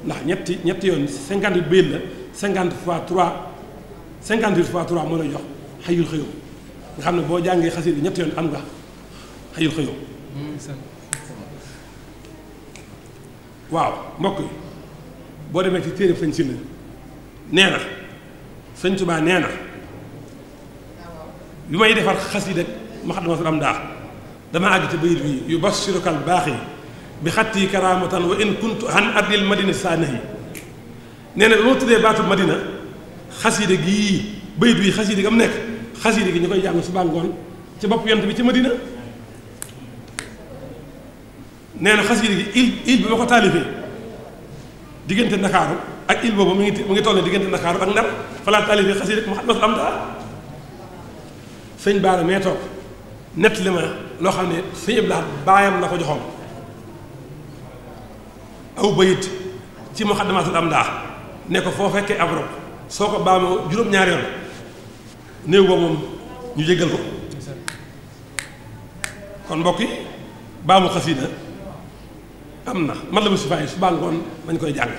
ndax ñetti ñetti yoon cinquante huit bayit la cinquante fois trois cinquante huit fois trois moo lay jox xëyul xëyum nga xam ne boo jàngee xasida ñetti yoon am nga xëyul xëyum waaw mbokk yi boo demee ci téere sëñ Sylla nee na sëñ Tuubaa nee na bi may defar xasida Maxadamatul Amdaax dama àgg ci bayit bii yu bas bashirukal baax yi bi xatti karamatan wa in kuntu han ardil madina saanax yi nee na loo tuddee baatu madina xasida gii bayit bii xasida gi am nekk xasida gi ñu koy jàng suba ngoon ci bopp yont bi ci madina nee na xasida gi il il bi ma ko taalifee diggante ndakaaru ak il boobu mu ngi mu ngi toll ne diggante ndakaaru ak ndar falaa taalifee xasida ma xam am daa sëñ Baara mee toog nett li ma loo xam ne sëñ Abdou baayam la ko joxoon aw bayit ci muqaddamatul am daa ne ko foo fekkee ab rob soo ko baamoo juróom-ñaari yoon néew ko moom ñu jéggal ko kon mbokk yi baamu xasida am na man la bu si fay subaa ngoon dañ koy jàng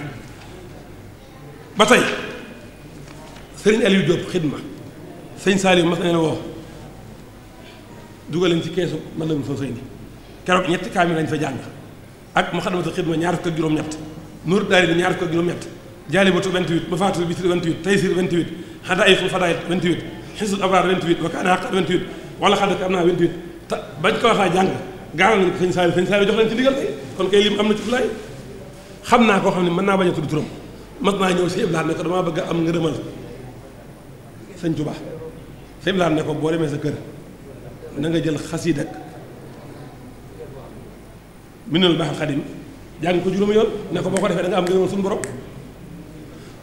ba tey sëriñ Aliou Diop xidma na leen woo dugaleen ci keesu man la bu soo sëy ni keroog ñetti kaamil lañ fa jàng ak mu xadamata xidma ñaar fukk ak juróom am naa 28 te bañ ko waxaa jàng gaaral nañ ko sëñ Saliou jox leen ci ndigal tey kon kay lim am na ci xam naa koo xam ne mën naa bañ a tudd turam naa ñëw si Ibrahima ne ko damaa bëgg am ngërëmal sëñ juba si Ibrahima ne ko boo demee sa kër na jël xasiid ak minul baax xadim jàng ko juróom yoon ne ko boo ko defee danga nga am ngërëmal suñu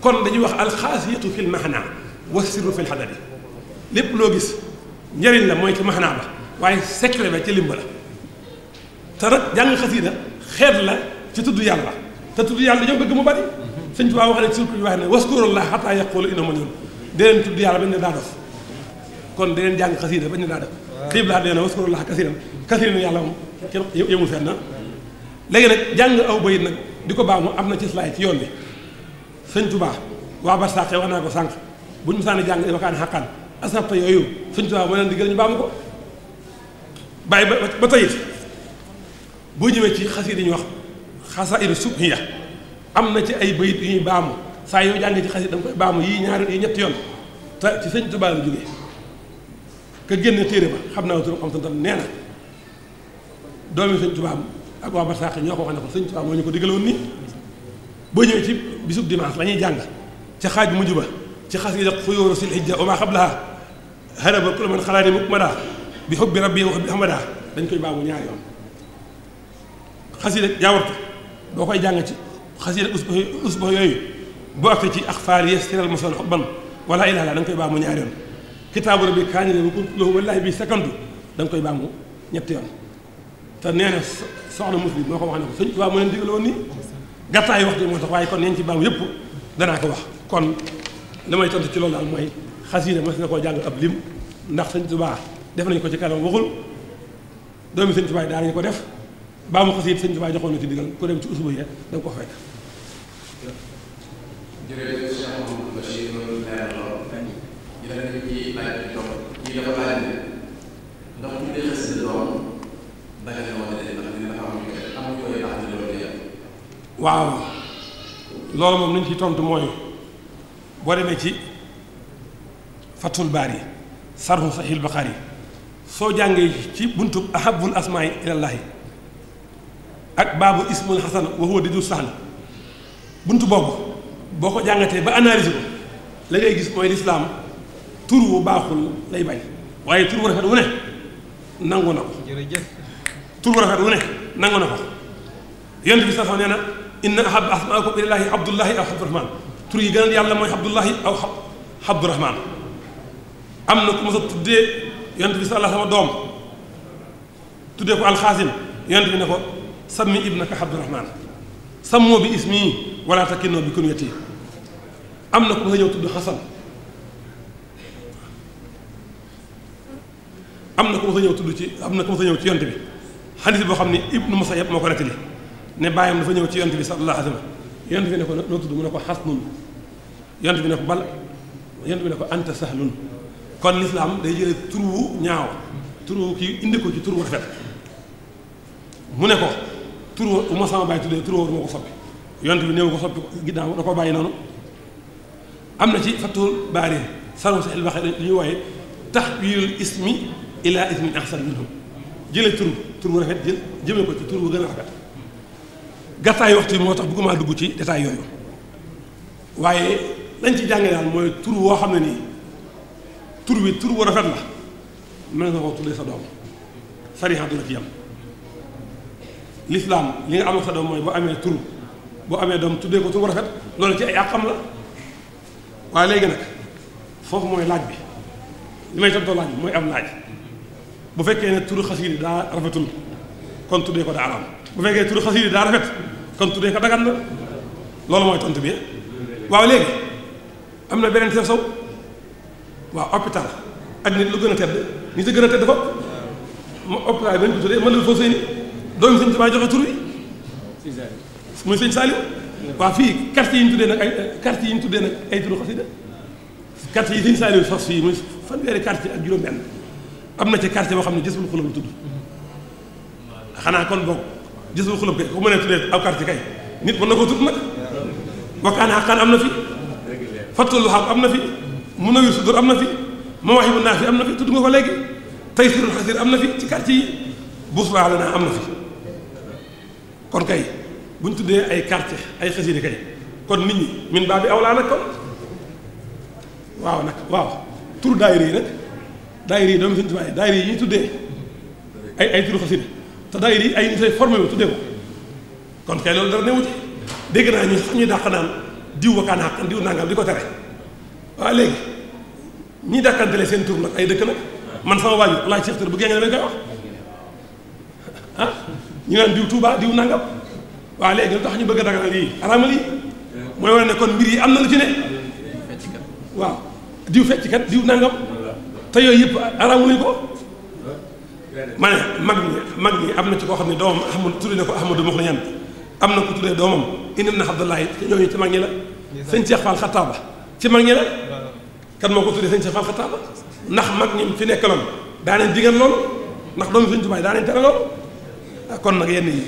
kon dañuy wax alxaasiyatu fil maxnaa wa sirru fil xadadi lépp loo gis njëriñ la mooy ci maxnaa ba waaye secret ba ci limba la te nag jàng xasiida xeet la ci tudd yàlla te tudd yàlla ñoom bëgg mu bari sëñ Tuubaa wax rek surtout wax ne waskurullah xataa yaqulu inna ma ñun di leen tudd yàlla bañ ne daa dof kon di leen jàng xasiida bañ ne daa dof xiib laa dee na yàlla moom kenn yemul na léegi nag jàng aw bayit nag di ko baamu am na ci slaay ci yoon bi sëñ Tuubaa waa barsàqe wax naa ko sànq buñu musaani jàng ibakaan xaqaan asapta yooyu sëñ Tuubaa moo leen digal ñu baamu ko bàyyi ba tayit boo jëwee ci xas yi dañuy wax xasaayidu subhiya am na ci ay bayit yu ñuy baamu saa yoo jàngee ci xas yi da nga koy baamu yii ñetti yoon te ci sëñ Tuubaa la jógee téere ba xam naa turam xam santam nee na doomi sëñ Tuubaa ak waa Barsàq ñoo ko wax ne ko sëñ Tuubaa moo ñu ko digaloon nii boo ñëwee ci bisub dimanche la ñuy jàng ca xaaj bu mujj ba ci xas yi da xuyóoru sil hijja wa maa xablaha haraba kullu man xalaani mukmada bi hubbi rabbi wa hubbi ahmada dañ koy ñaari yoon xasida jaawartu boo koy jàng ci xasida usba usba yooyu boo aktee ci ax faar yes siral mosol xutban wala ilaha la da koy baamu ñaari yoon kitaabu rabbi kaani bu bi sakantu da koy baamu ñetti yoon te nee na soxna muslim moo ko wax ne ko sëñ Tuubaa mu leen digal woon nii wax ji moo kon neen ci baamu yëpp danaa ko wax kon li may tontu ci loolu am mooy xasida mas na koo jàng ab lim ndax sëñ Tuubaa def nañ ko ci kanam waxul doomi sëñ Tuubaa daa nañu ko def baa mu xas it sëñ Tuubaa joxoon na ci digal ku dem ci usbu ya da nga ko fekk. jërëjëf Cheikh Mamadou Bachir loolu leer lool ñu def nañ ci laaj bi topp ñii dafa laaj ne ndax bu dee xas la doon dagal na wala déet ndax dina am ñu koy am ñu koy tax di loolu yàq. waaw loolu moom li ñu ciy tontu mooy boo demee ci Fathul Baari sarhu Sahih Bukhari soo jàngee ci buntu ahabul asmaa yi ilallahi ak baabu ismul xasan wa huwa di jur saxla buntu boobu boo ko jàngatee ba analyse ko la ngay gis mooy lislaam tur wu baaxul lay bañ waaye tur wu ne nangu na ko tur wu ne nangu na ko yonent bi sax nee na inna ahab asmaakum ilallaahi abdullahi aw abdurahman tur yi gënal yàlla mooy abdullahi aw abdurahman am na ku mos a tuddee yonent bi sax la sama doom tuddee ko alxaasim yonent bi ne ko sammi ibnaka abdurahman sammoo bi ismi wala takinnoo bi kunyati am na ku nga ñëw tudd xasan am na ku ma sa ñëw tudd ci am na ku ma sa ñëw ci yonte bi xadis boo xam ne ibnu musayab moo ko nettali ne bàyyi bàyyam fa ñëw ci yonte bi sallallahu alayhi wa sallam yonte bi ne ko noo tudd mu ne ko xasnun yonte bi ne ko bal yonte bi ne ko anta sahlun kon lislaam day jële turu ñaaw turu kii indi ko ci turu rafet mu ne ko tur bu ma sama bàyyi tuddee tur wóor moo ko soppi yonte bi néew ko soppi ginnaaw da ko bàyyi noonu am na ci Fathul Baari sarom sa ilbaxe li ñuy wooye tahwiilul ismi ila ismin ahsan minhu jëlee tur tur bu rafet jël jëmee tur bu gën a rafet gàttaayu waxtu bi moo tax bëgguma dugg ci détail yooyu waaye lañ ci jànge mooy tur woo xam ne nii tur wi tur bu rafet la mën nga ko tuddee sa doom sariha du la ci yam lislaam li nga amal sa doom mooy boo amee tur boo amee doom tuddee ko tur bu rafet loolu ci ay àqam la waaye léegi foofu mooy laaj bi li may tontoo mooy am laaj bu fekkee ne turu xasiida daa rafetul kon tuddee ko daa araam bu fekkee turu xasiida daa rafet kon tuddee ko dagan na loolu mooy tontu bi waaw léegi am na beneen sew saw waaw hôpital ak nit lu gën a tedd nit a gën a tedd fa hôpital yi ba ñu ko tuddee mën na foo sëy ni doomi sëñ Tuubaa joxe tur wi muy sëñ Saliou waaw fii quartier yi ñu tuddee nag ay quartier yi ñu tuddee nag ay turu xasida quartier yi sëñ Saliou sos fii muy fanweeri quartier ak juróom-benn am na ci quartier boo xam ne jësul xulub la tudd xanaa kon boog jësul xulub kay ku mën a tuddee aw na ko tudd nag wakkaanaa xaan am na fi fattul xam am na fi mu nawir sudur am na fi ma waxi bu naa fi am na fi tudd nga ko léegi tey surul xasir am na fi ci quartier yi buus baax naa am na fi kon kay bu ñu tuddee ay quartier ay xasida kay kon nit ñi min baa bi awlaa nag kon waaw nag waaw tur daayira yi nag daayira yi doomu Sëñ Tuubaa yi yi ñu tuddee ay ay te daayira yi ay nit ay formé tuddee ko kon loolu dara newu ci naa ñu sax ñuy dàq naan diw wakaan xàqan diw nangam di ko tere waaw léegi ñi dàkkantele seen tur nag ay dëkk nag man sama waajur laaj seex tur bu génne damay koy wax ah? ñu naan diw Touba diw nangam waa léegi lu tax ñu bëgg a daganal yii araamal yi mooy wane ne kon mbir yi am na lu ci ne waaw diw fecckat diw nangam te yooyu yëpp araamuñu ko ma ne mag ñi mag ñi am na ci koo xam ne doomam Ahmad tuddee na ko Ahmadou Mouhniyane am na ko tuddee doomam indil na Abdoulaye ñooñu ci mag ñi la sëñ Cheikh Fall Xataaba ci mag ñi la kan moo ko tuddee sëñ Cheikh Fall Xataaba ndax mag ñi fi nekkaloon daa leen digal loolu ndax doomu sëñ Tuubaa daa leen kon nag yenn yi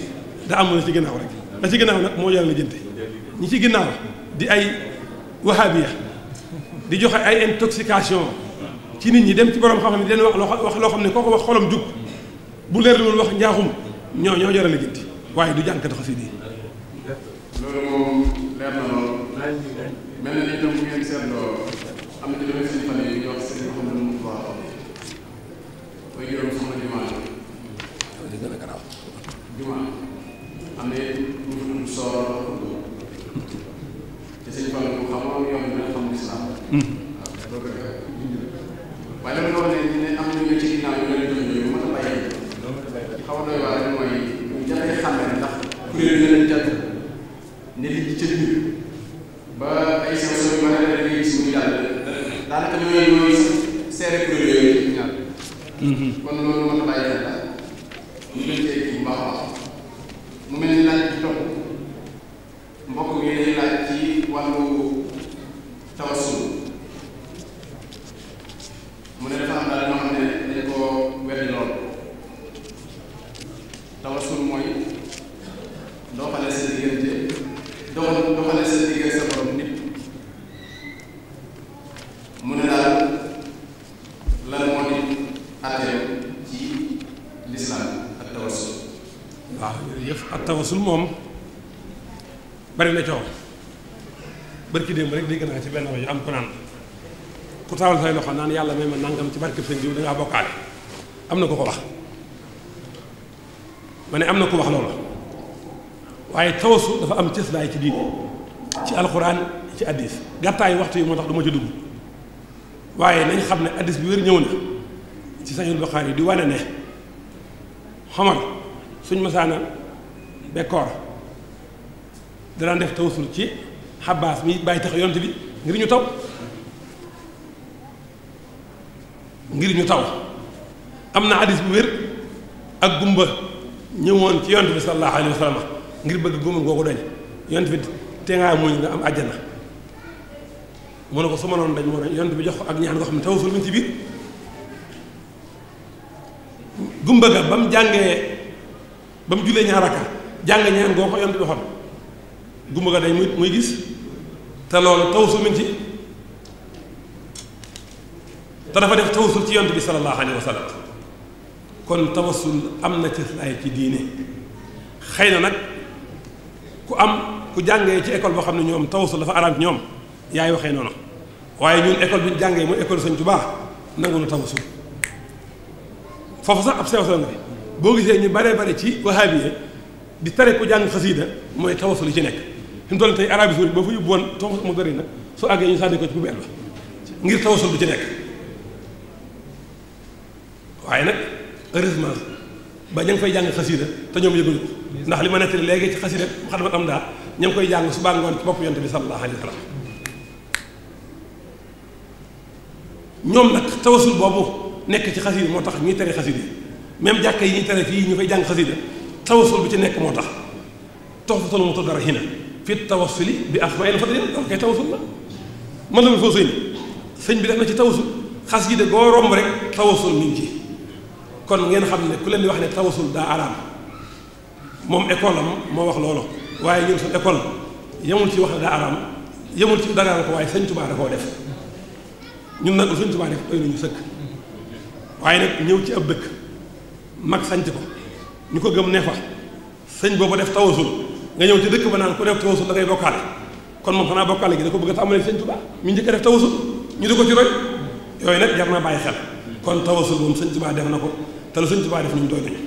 da amul ci ginnaaw rek la ci ginnaaw nag moo yàlla jënte ñi ci ginnaaw di ay wahabiya di joxe ay intoxication ci nit ñi dem ci borom xam-xam ne den wax wax loo xam ne kooku wax xolam jub bu leer loolu wax njaaxum ñoo ñoo jara la jënte waaye du jànkata xasida yi loolu moom leer na lool mel juma am na yeneen soor te sëñ Fall mu xam am yoon dina xam lislaam waaw waaye dama doon ne ñu ne am nañu ci ginnaaw ñu leen doon ñu mën a bàyyi xaw doy waar rek mooy ñu jafe xàmme ndax kuréel yi leen jàpp ne li ci cër ba ay sew sew yu bëri da ngay gis muy jàll daanaka ñooy ñooy seere kuréel yooyu ñaar mm-hmm. kon loolu mën a bàyyi xel daal ñu leen bu baax a baax mu mel ni laaj topp mbokk yi laaj ci wàllu tawasul bari na coow barki démb rek dégg naa ci benn rajo am ku naan ku tawal say loxo naan yàlla may ma nangam ci barkeb sëñ diw dangaa bokkaale am na ko ko wax ma ne am na ko wax loolu waaye tawasu dafa am cëslaay ci diine ci alxuraan ci addis gàttaayu waxtu yi moo tax du ci dugg waaye nañ xam ne addis bi wér ñëw na ci sañul Buxaari yi di wane ne xamar suñ masaana bekkoor danaan def tawasul ci xabaas mi bàyyi tax yonte bi ngir ñu taw ngir ñu taw am na hadis bu wér ak gumba ñëwoon ci yonte bi sallallahu alayhi wa sallam ngir bëgg gumba ngoo ko dañ yonte bi te ngaa muñ nga am àjjana mu ne ko su ma noonu dañ moo dañ yonte bi jox ko ak ñaan nga xam ne tawasul mi ci biir gumba ga ba mu jàngee ba mu jullee ñaar rakka jàng ñaan ngoo ko yonte bi xam gumba ga dañ muy muy gis te lool tawassul mi ci te dafa def tawassul ci yont bi sallallahu alayhi wa sallam kon tawassul am na ci cëslaay ci diine xëy na nag ku am ku jàngee ci école boo xam ne ñoom tawassul dafa araam ci ñoom yaay waxee noonu waaye ñun école bi jàngee mooy école Sëñ Tuubaa nangu na tawassul foofu sax ab sew sew nga boo gisee ñu bare bare ci wahaabiye di tere ku jàng xasiida mooy tawassul yi ci nekk fi mu tey Arabie Saoudite boo fa yóbbu woon tooxu sama gër su àggee ñu sànni ko ci poubelle ba ngir tawasul bu ci waaye nag heureusement ba ña ngi jàng xasida te ñoom ndax li ma nettali léegi ci xasida xadmat am daa ña ngi koy jàng suba ngoon ci bopp yonte bi sallallahu alayhi wa sallam ñoom nag boobu nekk ci xasida moo tax ñuy tere xasida yi même jàkka yi ñuy tere fii ñu fay jàng xasida tawasul bu ci nekk moo tax toxtu solo mu dara xina fi tawassuli bi asmaa'il fadlin donc kay tawassul la man la foo sëñ sëñ bi def na ci tawassul xas yi de goo romb rek tawassul mi ngi kon ngeen xam ne ku leen di wax ne tawassul daa araam moom école moo wax loolu waaye ñun suñu école yemul ci wax ne daa araam yemul ci dagaan ko waaye sëñ Tuubaa da koo def ñun nag sëñ Tuubaa def doy nañu sëkk waaye nag ñëw ci ab dëkk mag sanc ko ñu ko gëm ne fa sëñ boobu def tawassul nga ñëw ci dëkk ba naan ku def tawasul da ngay bokkaale kon moom xanaa bokkaale gi da ko bëgg a tàmbalee sëñ Tuubaa mi njëkk a def tawasul ñu di ko ci yooyu nag jar naa bàyyi xel kon tawasul moom sëñ Tuubaa def na ko te lu sëñ Tuubaa def nañ doy nañ